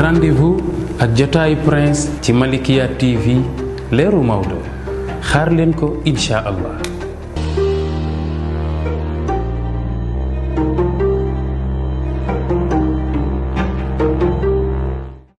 rendez-vous ak jotaayu prince ci Malikia TV leeru Maodo xaar leen ko incha allah.